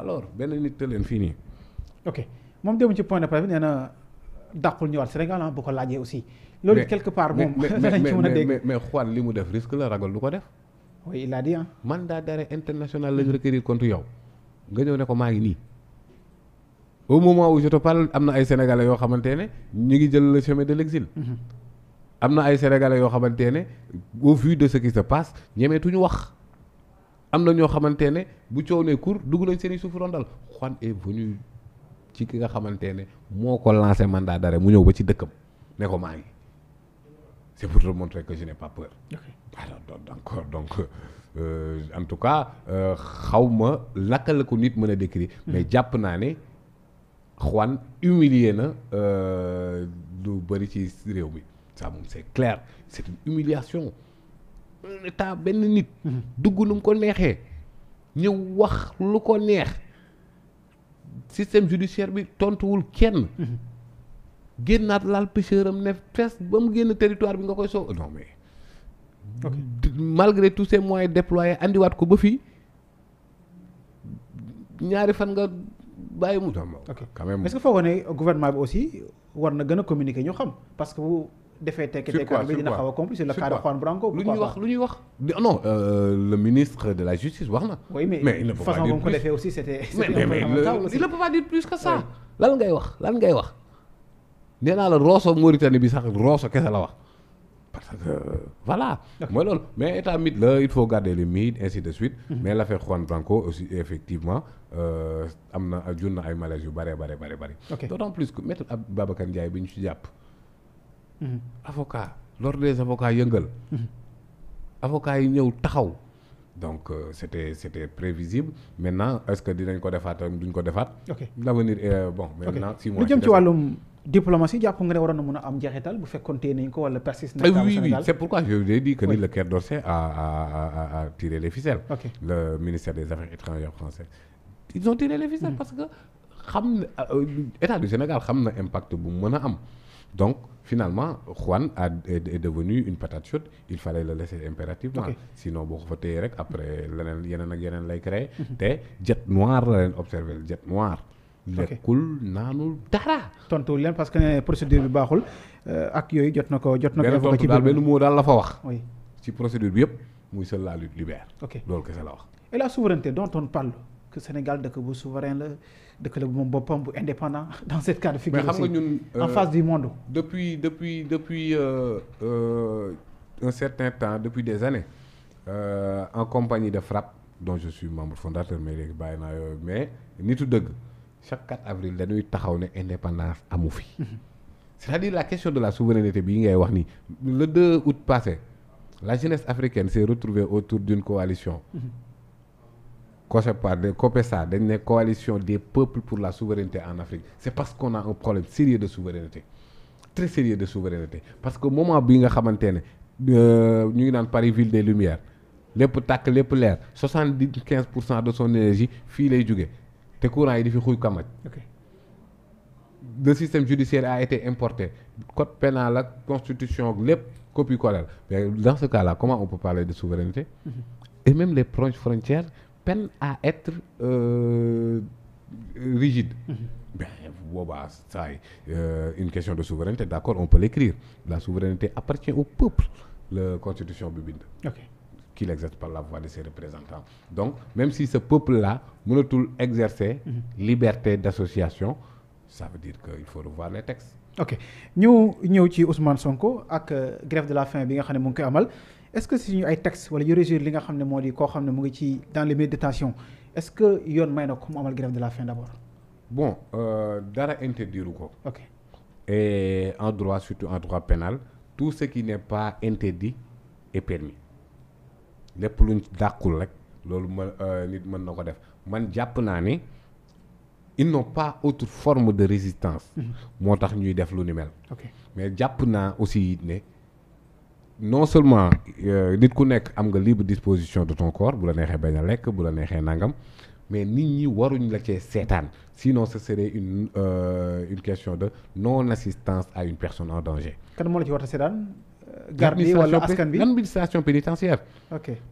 alors benn nit tëleen fii nii. ok moom dem ci point de presse bi nee na dàqul ñëwaat Sénégal ah bu ko laajee aussi. loolu quelque part moom. danañ ci mën a li mu def risque la ragal du ko def. oui il a dit ah. mandat d'arrêt international la requérir contre yow. nga ñëw ne ko maa ngi nii. au moment où je te am na ay sénégalais yoo xamante ne ñu ngi jël le chemin de l'exil. Mhm. am na ay sénégalais yoo xamante ne au vu de ce qui se passe ñemeetuñu wax. am na ñoo xamante ne bu coow nee kur dugg nañ seen i suufu rondal Juan est venu ci ki nga xamante ne moo ko lancé mandaa d'arrêt mu ñëw ba ci dëkkam ne ko ma ngi c'est pour te montrer que je n'ai pas donc euh, en tout cas euh, xaw ma naka ko nit mën a décrire. Hmm. mais jàpp naa ne Juan humilier na euh, lu bëri ci réew mi ça moom c'est clair c'est une humiliation un état benn nit. Mhm. duggu nu mu ko neexee. ñëw wax lu ko neex. système judiciaire bi tontuwul kenn. Mhm. génnaat laal pêcheur am ne fees ba mu génn territoire bi nga koy soo non mais. malgré tous ces moyens déployés andiwaat ko ba fii ñaari fan nga bàyyi mu. ok quand même est-ce que bi aussi war na gën a communiqué ñu xam parce que. defee tekki tekki bi dina xaw a lu ñuy wax lu ñuy wax. non euh, le ministre de la justice wax na. oui mais façon bu mu ko mais mais il ne peut pas dire ngay wax lan ngay wax nee naa la Rosso Mauritanie bi sax Rosso kese la wax. parce que voilà. mooy loolu mais état mythe la il faut garder les mythes ainsi de suite. Mhm. mais l'affaire Juan Branco aussi effectivement euh, am na jur na ay malaise yu bare bare bare bare. d'autant plus que maître Babacar Ndiaye bi ñu ci jàpp. Mm-hmm. avocat l'ordre des avocats yëngal. Mm-hmm. avocats yi ñëw taxaw. donc euh, c'était c'était prévisible maintenant est-ce que dinañ ko defaat duñ ko defaat. ok l'avenir est euh, si mois lu jëm ci wàllum diplomatie jàpp nga ne waroon na mën a am njeexital bu fekkoon téye nañ ko wala persiste. na ah oui oui c'est pourquoi je vous ai dit que ministère des affaires étrangères français. ils ont tiré les ficelles. Mm-hmm. parce que xam na euh, état du Sénégal xam na impact bu mën a am. Donc, finalement, Juan a, est, est, devenu une patate chaude. Il fallait le laisser impérativement. Okay. Sinon, bon, voter rek après, leneen yeneen ak yeneen lay créé. Mhm. te jet noir la leen observé jet noir. lekkul naanul dara. tontu leen parce que ne procédure bi baaxul euh, ak yooyu jot na ko jot na ko. ci biir benn moo daal la fa wax. oui ci procédure bi yëpp muy seul la lutte libère. ok loolu kese la wax. et la souveraineté dont on parle. que Sénégal dëkk bu souverain la dëkk la bu moom boppam bu indépendant dans cette cas de figure. mais xam nga ñun euh, en face du monde. depuis depuis depuis euh, euh, un certain temps depuis des années euh, en compagnie de FRAPP dont je suis membre fondateur mais léegi bàyyi naa yooyu mais nitu dëgg chaque 4 avril dañuy taxaw ne indépendant amu fi. Mhm. c'est-à-dire la question de la souveraineté bii ngay wax ni le 2 août passé la jeunesse africaine s'est retrouvée autour d'une coalition. Mm -hmm. COSEPA de COPESA dañ ne coalition des peuples pour la souveraineté en Afrique c'est parce qu'on a un problème sérieux de souveraineté très sérieux de souveraineté parce que moment bi nga xamante ne euh, ñu ngi naan Paris ville des lumières lépp tàkk lépp leer soixante-quinze pour cent de son énergie fii lay jóge te courant yi di fi xuy kamaj le système judiciaire a été importé code pénal ak constitution lépp copie-collée mais dans ce cas-là comment on peut parler de souveraineté mhm. et peine à être euh, rigide. Mm -hmm. boobaa saa yi euh, une question de souveraineté d'accord on peut l'écrire la souveraineté appartient au peuple la constitution bi bind. ok qui l'exerce par la voix de ses représentants donc même si ce peuple la mënatul exercer. Mm -hmm. liberté d'association ça veut dire que il faut revoir les textes. ok ñu ñëw ci Ousmane Sonko ak euh, grève de la faim bi nga xam ne mu ngi koy amal. est ce que si ñu ay texte wala yu régir li nga xam ne moo di koo xam ne mu ngi ci dans les milieux de détention est ce que yoon may na ko mu amal grève de la faim d' bon euh, dara interdiru ko. ok et en droit surtout en droit pénal tout ce qui n' est pas interdit est permis lépp luñ dàqul rek loolu mën euh, nit mën na ko def man jàpp naa ni ils n'ont pas autre forme de résistance. Mm-hmm. moo tax ñuy def lu ni mel. mais jàpp naa aussi ne. non seulement euh, nit ku nekk am nga libre disposition de ton corps bu la neexee bañ lekk bu la neexee nangam mais nit ñi waruñ la cee seetaan sinon ce serait une euh, une question de non assistance à une personne en danger. kan moo la ci war a seetaan. Euh, garde yi wala askan bi administration pénitentiaire.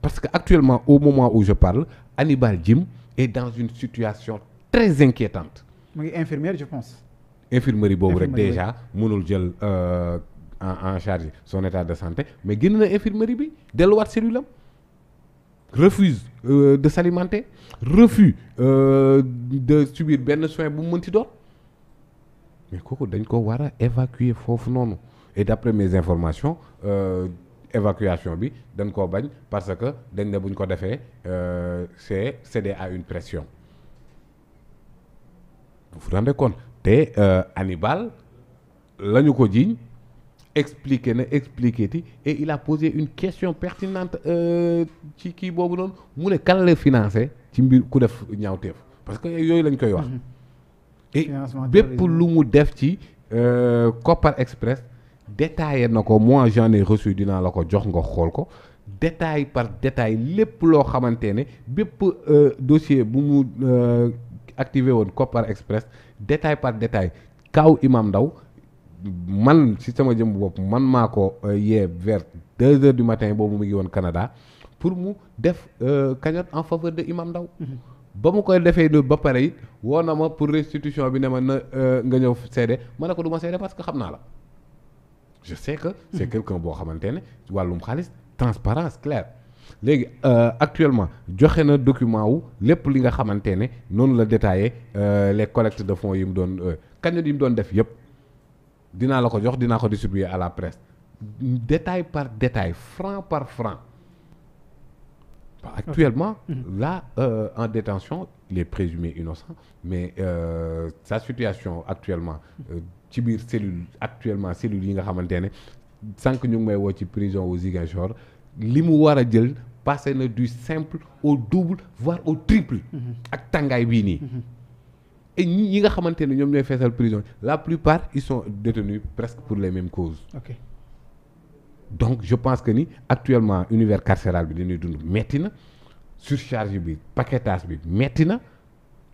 parce que actuellement au moment ou je parle Hannibal Djim et dans une situation très inquiétante. mu ngi infirmière je pense. infirmerie boobu rek déjà mënul jël. Euh, en en charge son état de santé mais génn na infirmerie bi delluwaat cellule am refuse euh, de s'alimenter refus euh, de subir benn soin bu mu mënti doon mais kooku dañ ko war a évacuer foofu noonu et d'après mes informations euh, évacuation bi dañ koo bañ parce que dañ ne buñ ko defee euh, c'est cédé à une pression vous vous rendez compte te Hannibal la ko jiiñ expliqué na expliqué ti et il a posé une question pertinente euh, ci kii boobu doon mu ne kan la financé ci mbir ku def ñaawteef parce que yooyu lañ koy wax. Mhm. et bépp lu mu def ci euh, Kopar Express détaillé na ko mois j'en ai dinaa la ko jox nga xool ko détail par détail lépp loo xamante ne bépp euh, dossier bu mu activer woon Kopar Express détail par détail kaw Imam Ndaw man si sama jëm bopp man maa ko euh, yee vers deux heures du matin boobu mu ngi woon Canada pour mu def euh, cagnotte en faveur de Imam Ndaw mhm. ba mu koy defee noonu ba pare it woo na ma pour restitution bi ne ma na euh, nga ñëw seede ma ne ko du ma seede parce que xam naa la je sais que c'est mhm. quelqu'un boo xamante ne wàllum xaalis transparence claire léegi actuellement joxe na document wu lépp li nga xamante ne noonu la détaillé les collectes de fonds yi mu doon cagnotte yi mu doon def yëpp dinaa la ko jox dinaa ko distribuer à la presse détail par détail franc par franc actuellement okay. Mhm. là euh, en détention les présumés innocents mais euh, sa situation actuellement euh, ci biir cellule actuellement cellule yi nga xamante ne sànq ñu ngi may woo ci prison au Ziguinchor li mu war a jël passé na du simple au double voire au triple mhm. ak tàngaay bii nii mhm. et ñi nga xamante ne ñoom ñooy feesal prison la plupart ils sont détenus presque pour les mêmes causes. Okay. donc je pense que ni actuellement univers carcéral bi dañuy dund metti na surcharge bi paquetage bi metti na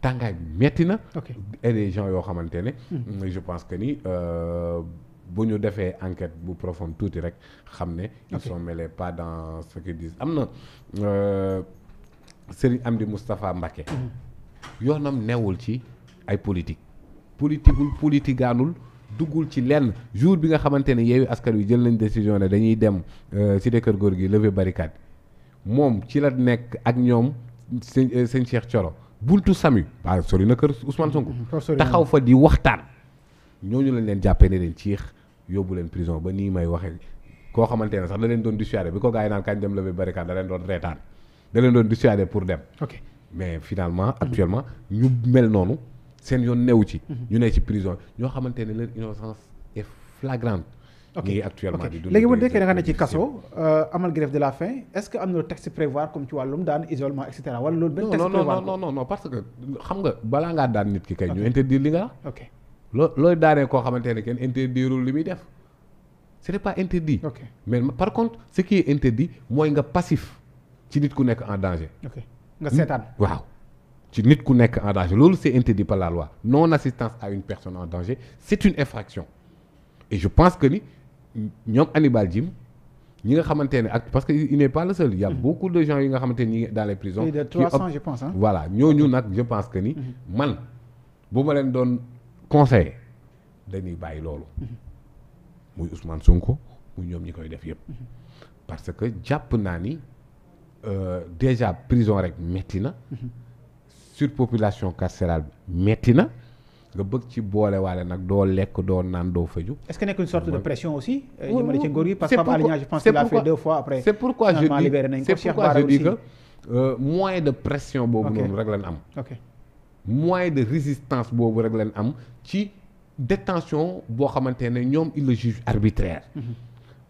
tàngaay bi metti na. ok et yoo xamante ne. Hmm. je pense que ni. Euh, bu ñu defee enquête bu profonde tuuti rek xam ne. ils sont mêlés pas dans ce qu'ils disent am na euh, Serigne Amdi Moustapha Mbacké hmm. yoonam newul ci ay politique politiqueul politigaanul duggul ci lenn jour bi nga xamante ne yeewi askan wi jël nañ décision ne dañuy dem kër euh, Keur Gorgui lever barricade moom ci la nekk ak ñoom sëñ euh, sëñ Cheikh Thioro buntu Sami waaye sori na kër Ousmane Sonko mm-hmm. taxaw fa di waxtaan ñooñu lañ leen jàppee ne leen ciix yóbbu leen prison ba nii may waxee koo xamante ne sax da leen doon dissuader bi ko gars yi naan kañ dem lever barricade da leen doon reetaan da leen doon dissuader pour dem ok mais finalement actuellement ñu mel noonu seen yoon new ci. Mhm. ñu ne ci prison ñoo xamante ne leur innocence est flagrante. ok nii actuellement di dund léegi nga ne ci kaso euh, amal grève de la faim est-ce que am na texte prévoir comme ci wàllum daan isolement et cetera loolu. benn texte prévoir que xam nga balaa ngaa daan ki kay. li nga wax. ok loo looy daanee koo xamante ne kenn interdirul li muy def. ce n'est pas interdit. Okay. mais par contre ce qui est interdit mooy nga passif ci nit ku nekk en danger. ok nga seetaan waaw. ci nit ku nekk en danger loolu c'est interdit par la loi non assistance à une personne en danger c'est une infraction et je pense que ni ñoom Hannibal Djim ñi nga xamante ne ak parce que il n'est pas le seul il y a mm-hmm. de gens yi nga xamante ne ñi dans les prisons il y a 300 je pense hein voilà ñooñu nag je pense que ni mm-hmm. man bu ma leen doon conseiller dañuy bàyyi loolu mm-hmm. muy Ousmane Sonko muy ñoom ñi koy def yëpp parce que jàpp naa ni euh, déjà prison rek metti na surpopulation carcérale bi metti na nga bëgg ci boole waale nag doo lekk doo naan doo faju est-ce que nekk une sorte de pression aussi. Euh, jëmale ci pourquoi c'est pourquoi je dis que euh, moyen de pression boobu noonu rek lañ am. moyen de résistance boobu rek lañ am ci détention boo xamante ne ñoom il le juge arbitraire. Mhm.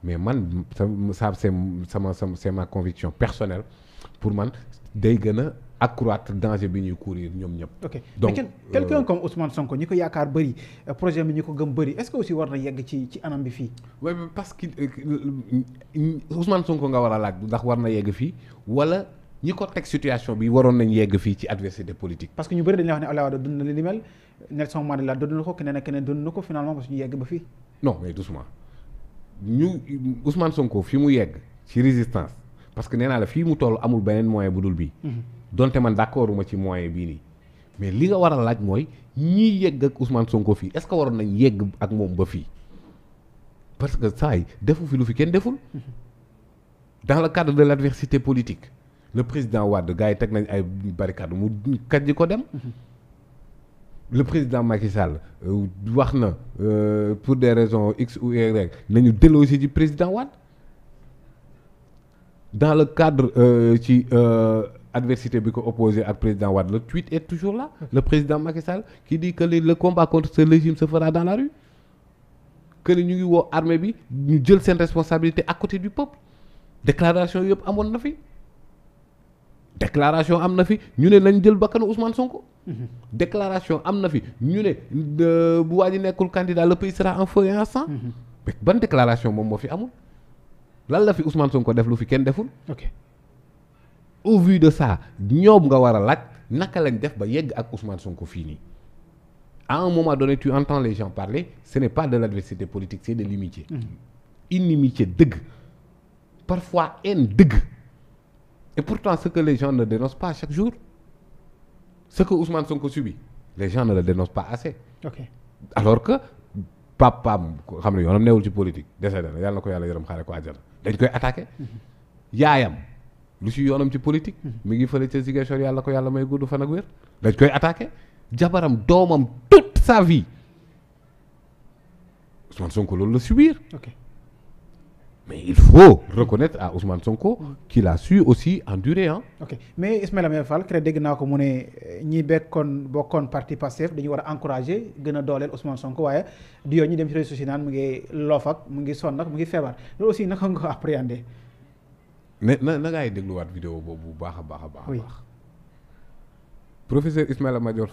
mais man sa sa c'est sama sama c'est ma conviction personnelle pour man day gën accroître danger bi ñuy courir ñoom ñëpp. ok donc mais euh, comme Ousmane Sonko ñi ko yaakaar bëri euh, projet bi ñi ko gëm na yegg ci ci anam bi fii. waaye parce que euh, Ousmane nga war a laaj ndax war na yegg fii wala ñi ko teg situation bi waroon nañ yegg fii ci adversité politique. parce que ñu bëri dañuy wax ne Abdoulaye Wade dund keneen ak na ko finalement parce que ñu yegg ba fii. non mais doucement ñu Ousmane Sonko fi mu yegg ci résistance. parce que neenaa naa la fii mu toll amul beneen moyen bu dul bii. Mhm. donte man d'accorduma ci moyen bii nii. mais li nga war a laaj mooy ñii yegg ak Ousmane Sonko fii est-ce que waroon nañ yegg ak moom ba fii parce que saa yi defu fi lu fi kenn deful. Mhm. dans le cadre de l'adversité politique le président Wade gars yi teg nañ ay kàddu mu kaj ko dem. Mhm. le président Macky Sall euh, wax na euh, pour de raison x ou y nañu delloosi ci président Wade. dans le cadre euh, ci euh, adversité bi ko opposé ak président Wade le tweet et toujours la le président Macky ki qui dit que le combat contre ce régime se fera dans la rue ni ñu ngi woo armée bi ñu jël seen responsabilité ak côté du peuple déclaration yëpp amoon na fi déclaration am na fi ñu ne nañ jël bakkanu Ousmane Sonko. Mhm. déclaration am na fi ñu ne euh, bu waa ji nekkul candidat le pays sera en feu en sang. Mhm. ban déclaration moom moo fi amul. lan la fi Ousmane Sonko def lu fi kenn deful. au vu de ça ñoom nga war a laaj naka lañ def ba yegg ak Ousmane Sonko fii nii en un moment donné tu entends les gens parler ce n'est pas de l'adversité politique c'est de l'inimitié. Mm. inimitié dëgg parfois haine dëgg et pourtant ce que les gens ne dénoncent pas chaque jour ce que Ousmane Sonko subit les gens ne le dénoncent pas assez. ok alors que papaam xam ne yoonam neewul ci politique décédé na yàlla na ko yàlla yërëm xaare dañ koy attaqué yaayam lu ci yoonam ci politique mi ngi fële ca Ziguinchor yàlla ko yàlla may gudd fan ak wér dañ koy attaqué jabaram doomam toute sa vie Ousmane Sonko loolu la subir. ok Mais il faut mm. reconnaître à Ousmane Sonko qu'il sui aussi en ah. ok mais Ismaïla Madior Fall keroog dégg naa ko mu ne eh, ñi bekkoon bokkoon parti Pastef dañu war a encourager gën a dooleel Ousmane Sonko waaye du yoon ñu dem ci réseau sociaux naan mu ngi loof ak mu ngi sonn ak mu ngi feebar loolu aussi naka nga ko appréhender. mais na nangaay dégluwaat video boobu bu baax a baax a baax. professeur Ismaïla Madior